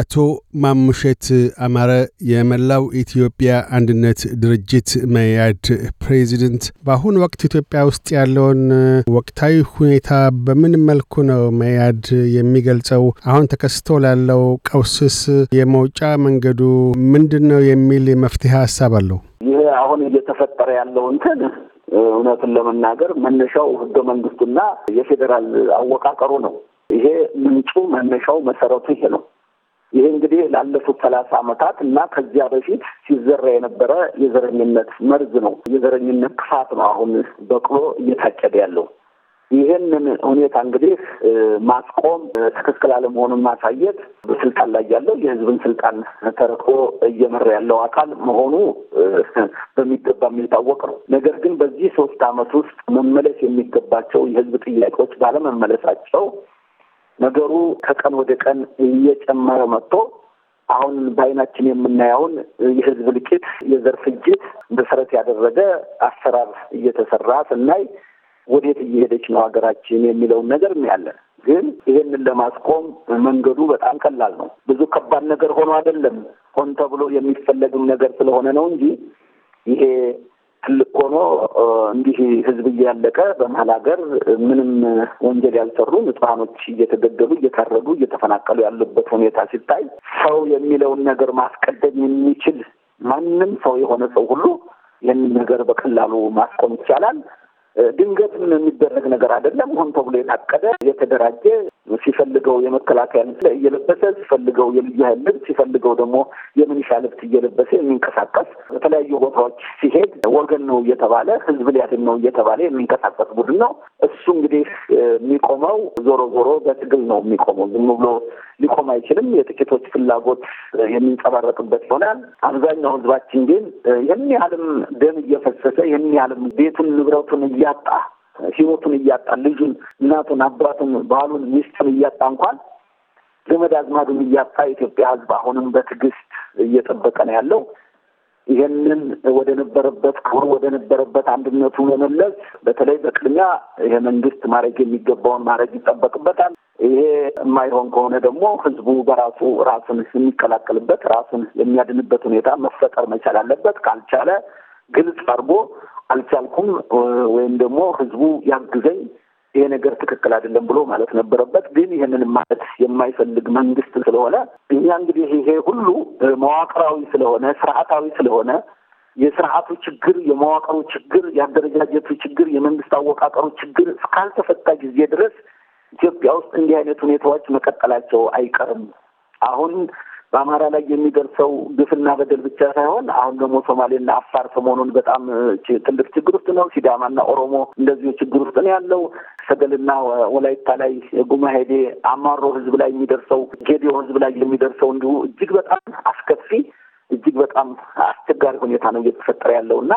አቶ ማሙሸት አማረ የመላው ኢትዮጵያ አንድነት ድርጅት መያድ ፕሬዚደንት፣ በአሁኑ ወቅት ኢትዮጵያ ውስጥ ያለውን ወቅታዊ ሁኔታ በምን መልኩ ነው መያድ የሚገልጸው? አሁን ተከስቶ ላለው ቀውስስ የመውጫ መንገዱ ምንድን ነው የሚል መፍትሄ ሀሳብ አለው? ይህ አሁን እየተፈጠረ ያለው እንትን እውነትን ለመናገር መነሻው ህገ መንግስቱና የፌዴራል አወቃቀሩ ነው። ይሄ ምንጩ መነሻው መሰረቱ ይሄ ነው። ይሄ እንግዲህ ላለፉት ሰላሳ አመታት እና ከዚያ በፊት ሲዘራ የነበረ የዘረኝነት መርዝ ነው። የዘረኝነት ክፋት ነው አሁን በቅሎ እየታጨደ ያለው። ይህንን ሁኔታ እንግዲህ ማስቆም ትክክል አለመሆኑን ማሳየት በስልጣን ላይ ያለው የህዝብን ስልጣን ተረክቦ እየመራ ያለው አካል መሆኑ በሚገባ የሚታወቅ ነው። ነገር ግን በዚህ ሶስት አመት ውስጥ መመለስ የሚገባቸው የህዝብ ጥያቄዎች ባለመመለሳቸው ነገሩ ከቀን ወደ ቀን እየጨመረ መጥቶ አሁን በአይናችን የምናየውን የህዝብ ልቂት፣ የዘር ፍጅት መሰረት ያደረገ አሰራር እየተሰራ ስናይ ወዴት እየሄደች ነው ሀገራችን የሚለውን ነገር እናያለን። ግን ይህንን ለማስቆም መንገዱ በጣም ቀላል ነው። ብዙ ከባድ ነገር ሆኖ አይደለም። ሆን ተብሎ የሚፈለግም ነገር ስለሆነ ነው እንጂ ይሄ ትልቅ ሆኖ እንዲህ ህዝብ እያለቀ በመሀል ሀገር ምንም ወንጀል ያልሰሩ ንጹሐኖች እየተገደሉ እየታረዱ እየተፈናቀሉ ያሉበት ሁኔታ ሲታይ ሰው የሚለውን ነገር ማስቀደም የሚችል ማንም ሰው የሆነ ሰው ሁሉ ይህንን ነገር በቀላሉ ማስቆም ይቻላል። ድንገት የሚደረግ ነገር አይደለም። ሆን ተብሎ የታቀደ የተደራጀ ሲፈልገው የመከላከያ ልብስ እየለበሰ ሲፈልገው የልዩ ኃይል ልብስ ሲፈልገው ደግሞ የምንሻ ልብስ እየለበሰ የሚንቀሳቀስ በተለያዩ ቦታዎች ሲሄድ ወገን ነው እየተባለ ህዝብ ሊያድን ነው እየተባለ የሚንቀሳቀስ ቡድን ነው። እሱ እንግዲህ የሚቆመው ዞሮ ዞሮ በትግል ነው የሚቆመው። ዝም ብሎ ሊቆም አይችልም። የጥቂቶች ፍላጎት የሚንጸባረቅበት ይሆናል። አብዛኛው ህዝባችን ግን ይህን ያህልም ደም እየፈሰሰ ይህን ያህልም ቤቱን ንብረቱን እያጣ ህይወቱን እያጣ ልጁን፣ እናቱን፣ አባቱን፣ ባሉን፣ ሚስቱን እያጣ እንኳን ዘመድ አዝማዱን እያጣ የኢትዮጵያ ህዝብ አሁንም በትዕግስት እየጠበቀ ነው ያለው። ይህንን ወደ ነበረበት ክብሩ ወደ ነበረበት አንድነቱ መመለስ በተለይ በቅድሚያ ይሄ መንግስት ማድረግ የሚገባውን ማድረግ ይጠበቅበታል። ይሄ የማይሆን ከሆነ ደግሞ ህዝቡ በራሱ ራሱን የሚቀላቀልበት ራሱን የሚያድንበት ሁኔታ መፈጠር መቻል አለበት። ካልቻለ ግልጽ አድርጎ አልቻልኩም ወይም ደግሞ ህዝቡ ያግዘኝ ይሄ ነገር ትክክል አይደለም ብሎ ማለት ነበረበት። ግን ይህንን ማለት የማይፈልግ መንግስት ስለሆነ እኛ እንግዲህ ይሄ ሁሉ መዋቅራዊ ስለሆነ ስርዓታዊ ስለሆነ የስርዓቱ ችግር፣ የመዋቅሩ ችግር፣ የአደረጃጀቱ ችግር፣ የመንግስት አወቃቀሩ ችግር እስካልተፈታ ጊዜ ድረስ ኢትዮጵያ ውስጥ እንዲህ አይነት ሁኔታዎች መቀጠላቸው አይቀርም። አሁን በአማራ ላይ የሚደርሰው ግፍና በደል ብቻ ሳይሆን አሁን ደግሞ ሶማሌና አፋር ሰሞኑን በጣም ትልቅ ችግር ውስጥ ነው። ሲዳማና ኦሮሞ እንደዚሁ ችግር ውስጥ ነው ያለው። ሰገልና ወላይታ ላይ ጉማሄዴ፣ አማሮ ህዝብ ላይ የሚደርሰው ጌዲዮ ህዝብ ላይ የሚደርሰው እንዲሁ እጅግ በጣም አስከፊ እጅግ በጣም አስቸጋሪ ሁኔታ ነው እየተፈጠረ ያለው እና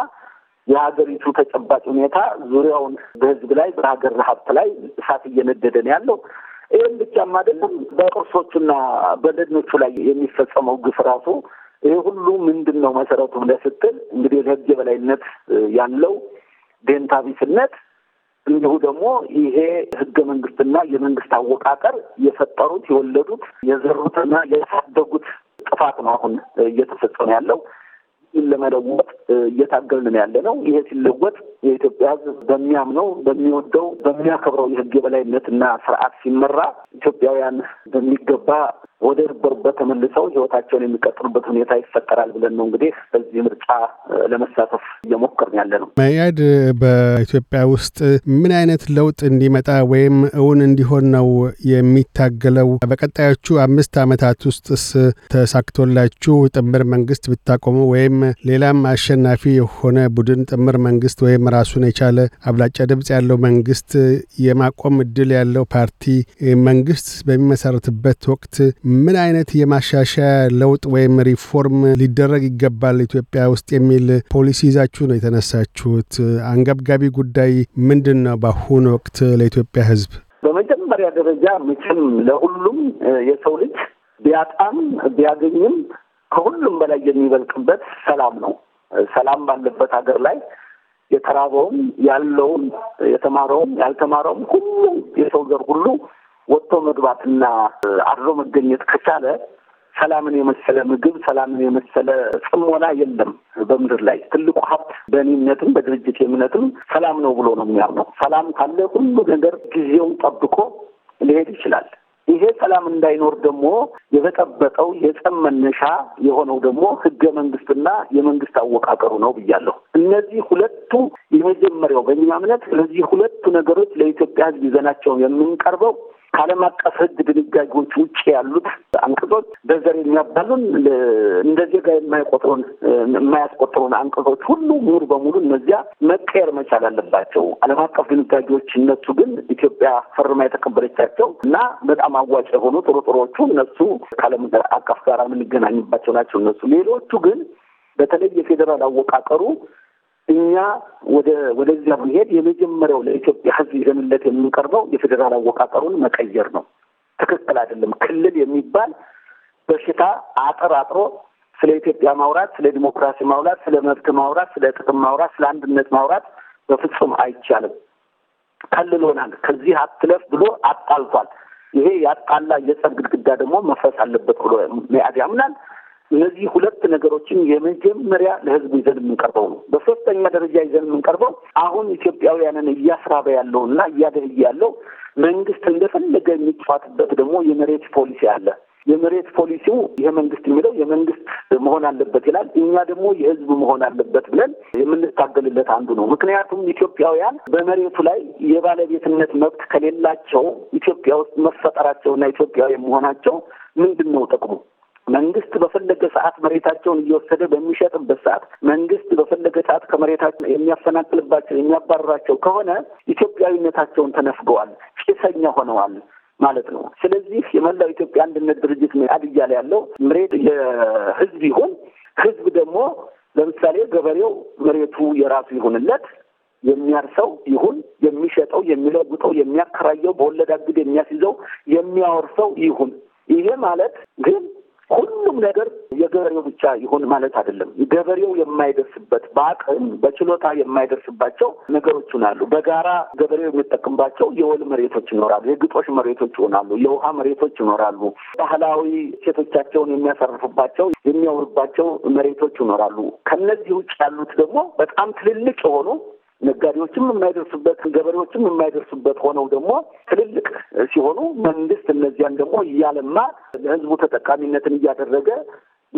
የሀገሪቱ ተጨባጭ ሁኔታ ዙሪያውን በህዝብ ላይ በሀገር ሀብት ላይ እሳት እየነደደ ነው ያለው። ይህም ብቻም አይደለም፣ በቅርሶቹና በደኖቹ ላይ የሚፈጸመው ግፍ ራሱ ይህ ሁሉ ምንድን ነው መሰረቱ ብለህ ስትል እንግዲህ የህግ የበላይነት ያለው ዴንታቢስነት እንዲሁ ደግሞ ይሄ ህገ መንግስትና የመንግስት አወቃቀር የፈጠሩት የወለዱት የዘሩትና ያሳደጉት ጥፋት ነው አሁን እየተፈጸመ ያለው። ለመለወጥ እየታገልን ያለ ነው። ይሄ ሲለወጥ የኢትዮጵያ ሕዝብ በሚያምነው በሚወደው በሚያከብረው የህግ የበላይነትና ስርዓት ሲመራ ኢትዮጵያውያን በሚገባ ወደ ነበሩበት ተመልሰው ህይወታቸውን የሚቀጥሉበት ሁኔታ ይፈጠራል ብለን ነው እንግዲህ በዚህ ምርጫ ለመሳተፍ እየሞከርን ያለ ነው። መያድ በኢትዮጵያ ውስጥ ምን አይነት ለውጥ እንዲመጣ ወይም እውን እንዲሆን ነው የሚታገለው? በቀጣዮቹ አምስት ዓመታት ውስጥስ ተሳክቶላችሁ ጥምር መንግስት ብታቆሙ ወይም ሌላም አሸናፊ የሆነ ቡድን ጥምር መንግስት ወይም ራሱን የቻለ አብላጫ ድምፅ ያለው መንግስት የማቆም እድል ያለው ፓርቲ መንግስት በሚመሰረትበት ወቅት ምን አይነት የማሻሻያ ለውጥ ወይም ሪፎርም ሊደረግ ይገባል ኢትዮጵያ ውስጥ የሚል ፖሊሲ ይዛችሁ ነው የተነሳችሁት? አንገብጋቢ ጉዳይ ምንድን ነው በአሁኑ ወቅት ለኢትዮጵያ ህዝብ በመጀመሪያ ደረጃ ምችም ለሁሉም የሰው ልጅ ቢያጣም ቢያገኝም ከሁሉም በላይ የሚበልቅበት ሰላም ነው። ሰላም ባለበት ሀገር ላይ የተራበውን ያለውም የተማረውም ያልተማረውም ሁሉ የሰው ዘር ሁሉ ወጥቶ መግባትና አድሮ መገኘት ከቻለ ሰላምን የመሰለ ምግብ፣ ሰላምን የመሰለ ጽሞና የለም በምድር ላይ። ትልቁ ሀብት በእኔ እምነትም በድርጅት እምነትም ሰላም ነው ብሎ ነው የሚያምነው። ሰላም ካለ ሁሉ ነገር ጊዜውን ጠብቆ ሊሄድ ይችላል። ይሄ ሰላም እንዳይኖር ደግሞ የበጠበጠው የጸም መነሻ የሆነው ደግሞ ህገ መንግስትና የመንግስት አወቃቀሩ ነው ብያለሁ። እነዚህ ሁለቱ የመጀመሪያው በእኛ እምነት ለዚህ ሁለቱ ነገሮች ለኢትዮጵያ ህዝብ ይዘናቸው የምንቀርበው ከዓለም አቀፍ ሕግ ድንጋጌዎች ውጭ ያሉት አንቀጾች በዘር የሚያባሉን እንደ ዜጋ የማይቆጥሩን የማያስቆጥሩን አንቀጾች ሁሉ ሙሉ በሙሉ እነዚያ መቀየር መቻል አለባቸው። ዓለም አቀፍ ድንጋጌዎች እነሱ ግን ኢትዮጵያ ፈርማ የተቀበለቻቸው እና በጣም አዋጭ የሆኑ ጥሩ ጥሮቹ እነሱ ከዓለም አቀፍ ጋር የምንገናኝባቸው ናቸው። እነሱ ሌሎቹ ግን በተለይ የፌዴራል አወቃቀሩ እኛ ወደ ወደዚያ ብንሄድ የመጀመሪያው ለኢትዮጵያ ሕዝብ ይዘንለት የምንቀርበው የፌዴራል አወቃቀሩን መቀየር ነው። ትክክል አይደለም። ክልል የሚባል በሽታ አጥር አጥሮ ስለ ኢትዮጵያ ማውራት፣ ስለ ዲሞክራሲ ማውራት፣ ስለ መብት ማውራት፣ ስለ ጥቅም ማውራት፣ ስለ አንድነት ማውራት በፍጹም አይቻልም። ከልሎናል። ከዚህ አትለፍ ብሎ አጣልቷል። ይሄ ያጣላ የጸብ ግድግዳ ደግሞ መፍረስ አለበት ብሎ ያምናል። እነዚህ ሁለት ነገሮችን የመጀመሪያ ለህዝቡ ይዘን የምንቀርበው ነው። በሶስተኛ ደረጃ ይዘን የምንቀርበው አሁን ኢትዮጵያውያንን እያስራበ ያለው እና እያደህየ ያለው መንግስት እንደፈለገ የሚጥፋትበት ደግሞ የመሬት ፖሊሲ አለ። የመሬት ፖሊሲው ይሄ መንግስት የሚለው የመንግስት መሆን አለበት ይላል። እኛ ደግሞ የህዝብ መሆን አለበት ብለን የምንታገልለት አንዱ ነው። ምክንያቱም ኢትዮጵያውያን በመሬቱ ላይ የባለቤትነት መብት ከሌላቸው ኢትዮጵያ ውስጥ መፈጠራቸውና ኢትዮጵያዊ መሆናቸው ምንድን ነው ጥቅሙ? መንግስት በፈለገ ሰዓት መሬታቸውን እየወሰደ በሚሸጥበት ሰዓት መንግስት በፈለገ ሰዓት ከመሬታቸው የሚያፈናቅልባቸው የሚያባርራቸው ከሆነ ኢትዮጵያዊነታቸውን ተነፍገዋል፣ ጭሰኛ ሆነዋል ማለት ነው። ስለዚህ የመላው ኢትዮጵያ አንድነት ድርጅት ሀዲያ ላይ ያለው መሬት የህዝብ ይሁን ህዝብ ደግሞ ለምሳሌ ገበሬው መሬቱ የራሱ ይሁንለት የሚያርሰው ይሁን የሚሸጠው፣ የሚለውጠው፣ የሚያከራየው፣ በወለድ አግድ የሚያስይዘው፣ የሚያወርሰው ይሁን። ይሄ ማለት ግን ሁሉም ነገር የገበሬው ብቻ ይሁን ማለት አይደለም። ገበሬው የማይደርስበት በአቅም በችሎታ የማይደርስባቸው ነገሮች ይሆናሉ። በጋራ ገበሬው የሚጠቅምባቸው የወል መሬቶች ይኖራሉ፣ የግጦሽ መሬቶች ይሆናሉ፣ የውሃ መሬቶች ይኖራሉ፣ ባህላዊ ሴቶቻቸውን የሚያሳርፉባቸው የሚያወሩባቸው መሬቶች ይኖራሉ። ከነዚህ ውጭ ያሉት ደግሞ በጣም ትልልቅ የሆኑ ነጋዴዎችም የማይደርሱበት ገበሬዎችም የማይደርሱበት ሆነው ደግሞ ትልልቅ ሲሆኑ መንግስት እነዚያን ደግሞ እያለማ ለህዝቡ ተጠቃሚነትን እያደረገ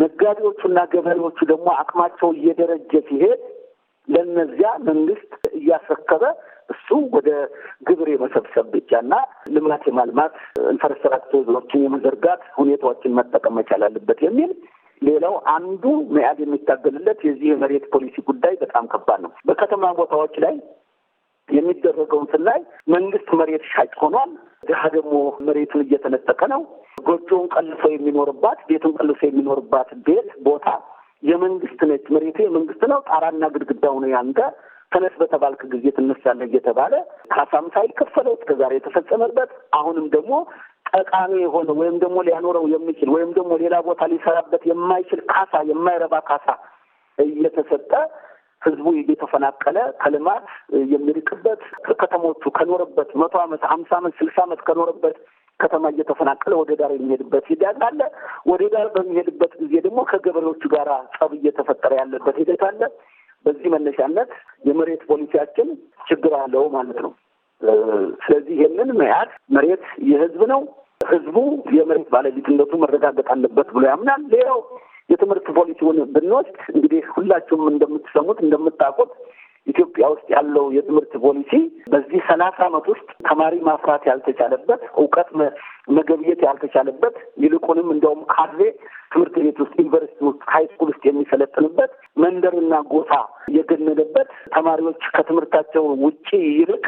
ነጋዴዎቹና ገበሬዎቹ ደግሞ አቅማቸው እየደረጀ ሲሄድ ለእነዚያ መንግስት እያስረከበ እሱ ወደ ግብር የመሰብሰብ ብቻና ልማት የማልማት ኢንፍራስትራክቸሮችን የመዘርጋት ሁኔታዎችን መጠቀም መቻል አለበት የሚል ሌላው አንዱ መያድ የሚታገልለት የዚህ የመሬት ፖሊሲ ጉዳይ በጣም ከባድ ነው። በከተማ ቦታዎች ላይ የሚደረገውን ስናይ መንግስት መሬት ሻጭ ሆኗል። ድሀ ደግሞ መሬቱን እየተነጠቀ ነው። ጎጆውን ቀልሶ የሚኖርባት ቤቱን ቀልሶ የሚኖርባት ቤት ቦታ የመንግስት ነች። መሬቱ የመንግስት ነው። ጣራና ግድግዳው ነው ያንተ። ተነስ በተባልክ ጊዜ ትነሳለህ እየተባለ ካሳም ሳይከፈለው እስከ ዛሬ የተፈጸመበት አሁንም ደግሞ ጠቃሚ የሆነ ወይም ደግሞ ሊያኖረው የሚችል ወይም ደግሞ ሌላ ቦታ ሊሰራበት የማይችል ካሳ፣ የማይረባ ካሳ እየተሰጠ ህዝቡ እየተፈናቀለ ከልማት የሚርቅበት ከተሞቹ ከኖረበት መቶ ዓመት ሀምሳ ዓመት ስልሳ ዓመት ከኖረበት ከተማ እየተፈናቀለ ወደ ዳር የሚሄድበት ሂደት አለ። ወደ ዳር በሚሄድበት ጊዜ ደግሞ ከገበሬዎቹ ጋር ጸብ እየተፈጠረ ያለበት ሂደት አለ። በዚህ መነሻነት የመሬት ፖሊሲያችን ችግር አለው ማለት ነው። ስለዚህ ይህንን መያዝ መሬት የህዝብ ነው፣ ህዝቡ የመሬት ባለቤትነቱ መረጋገጥ አለበት ብሎ ያምናል። ሌላው የትምህርት ፖሊሲውን ብንወስድ እንግዲህ ሁላችሁም እንደምትሰሙት እንደምታውቁት ኢትዮጵያ ውስጥ ያለው የትምህርት ፖሊሲ በዚህ ሰላሳ ዓመት ውስጥ ተማሪ ማፍራት ያልተቻለበት እውቀት መገብየት ያልተቻለበት ይልቁንም እንደውም ካድሬ ትምህርት ቤት ውስጥ ዩኒቨርሲቲ ውስጥ ሀይስኩል ውስጥ የሚሰለጥንበት መንደርና ጎሳ የገነደበት ተማሪዎች ከትምህርታቸው ውጪ ይልቅ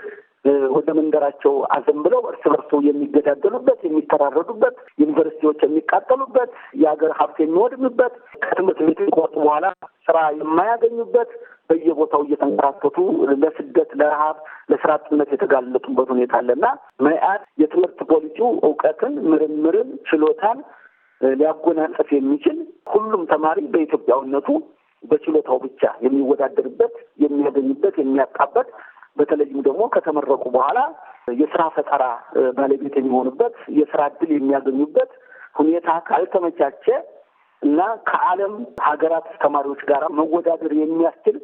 ወደ መንገራቸው አዘን ብለው እርስ በርሱ የሚገዳደሉበት፣ የሚተራረዱበት፣ ዩኒቨርሲቲዎች የሚቃጠሉበት፣ የሀገር ሀብት የሚወድምበት፣ ከትምህርት ቤት ከወጡ በኋላ ስራ የማያገኙበት በየቦታው እየተንከራተቱ ለስደት፣ ለረሃብ፣ ለስራ አጥነት የተጋለጡበት ሁኔታ አለና መኢአድ የትምህርት ፖሊሲው እውቀትን፣ ምርምርን፣ ችሎታን ሊያጎናጸፍ የሚችል ሁሉም ተማሪ በኢትዮጵያዊነቱ በችሎታው ብቻ የሚወዳደርበት፣ የሚያገኝበት፣ የሚያጣበት በተለይም ደግሞ ከተመረቁ በኋላ የስራ ፈጠራ ባለቤት የሚሆኑበት የስራ እድል የሚያገኙበት ሁኔታ ካልተመቻቸ እና ከዓለም ሀገራት ተማሪዎች ጋር መወዳደር የሚያስችል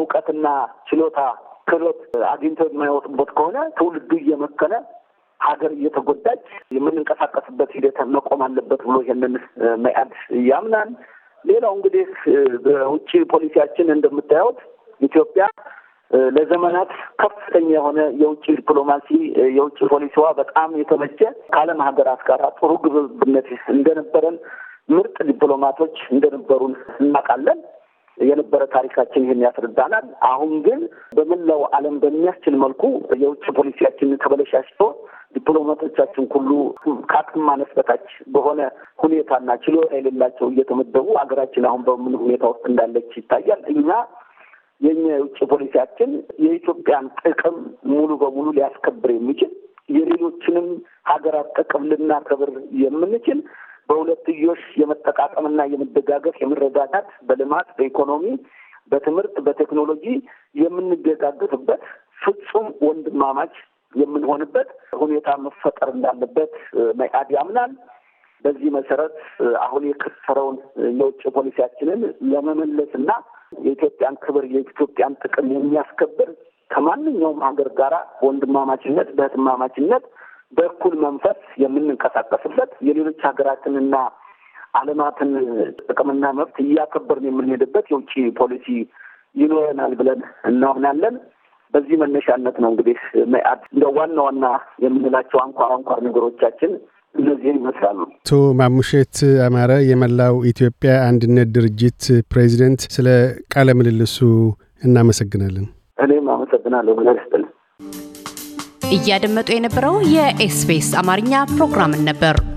እውቀትና ችሎታ ክህሎት አግኝተው የማይወጡበት ከሆነ ትውልዱ እየመከነ ሀገር እየተጎዳች የምንንቀሳቀስበት ሂደት መቆም አለበት ብሎ ይሄንን መያድ ያምናል። ሌላው እንግዲህ በውጭ ፖሊሲያችን እንደምታዩት ኢትዮጵያ ለዘመናት ከፍተኛ የሆነ የውጭ ዲፕሎማሲ የውጭ ፖሊሲዋ በጣም የተመቸ ከዓለም ሀገራት ጋር ጥሩ ግብብነት እንደነበረን ምርጥ ዲፕሎማቶች እንደነበሩን እናውቃለን። የነበረ ታሪካችን ይህን ያስረዳናል። አሁን ግን በመላው ዓለም በሚያስችል መልኩ የውጭ ፖሊሲያችንን ተበለሻሽቶ ዲፕሎማቶቻችን ሁሉ ከአቅም ማነስ በታች በሆነ ሁኔታና ችሎታ የሌላቸው እየተመደቡ ሀገራችን አሁን በምን ሁኔታ ውስጥ እንዳለች ይታያል እኛ የኛ የውጭ ፖሊሲያችን የኢትዮጵያን ጥቅም ሙሉ በሙሉ ሊያስከብር የሚችል የሌሎችንም ሀገራት ጥቅም ልናከብር የምንችል በሁለትዮሽ የመጠቃቀምና የመደጋገፍ የመረዳዳት በልማት በኢኮኖሚ በትምህርት በቴክኖሎጂ የምንደጋገፍበት ፍጹም ወንድማማች የምንሆንበት ሁኔታ መፈጠር እንዳለበት መኢአድ ያምናል። በዚህ መሰረት አሁን የከሰረውን የውጭ ፖሊሲያችንን ለመመለስና የኢትዮጵያን ክብር የኢትዮጵያን ጥቅም የሚያስከብር ከማንኛውም ሀገር ጋር ወንድማማችነት በህትማማችነት በእኩል መንፈስ የምንንቀሳቀስበት የሌሎች ሀገራትንና ዓለማትን ጥቅምና መብት እያከበርን የምንሄድበት የውጭ ፖሊሲ ይኖረናል ብለን እናምናለን። በዚህ መነሻነት ነው እንግዲህ እንደ ዋና ዋና የምንላቸው አንኳር አንኳር ነገሮቻችን ይህን ይመስላሉ። አቶ ማሙሼት አማረ የመላው ኢትዮጵያ አንድነት ድርጅት ፕሬዚደንት፣ ስለ ቃለ ምልልሱ እናመሰግናለን። እኔም አመሰግናለሁ። ብለርስጥል እያደመጡ የነበረው የኤስቢኤስ አማርኛ ፕሮግራምን ነበር።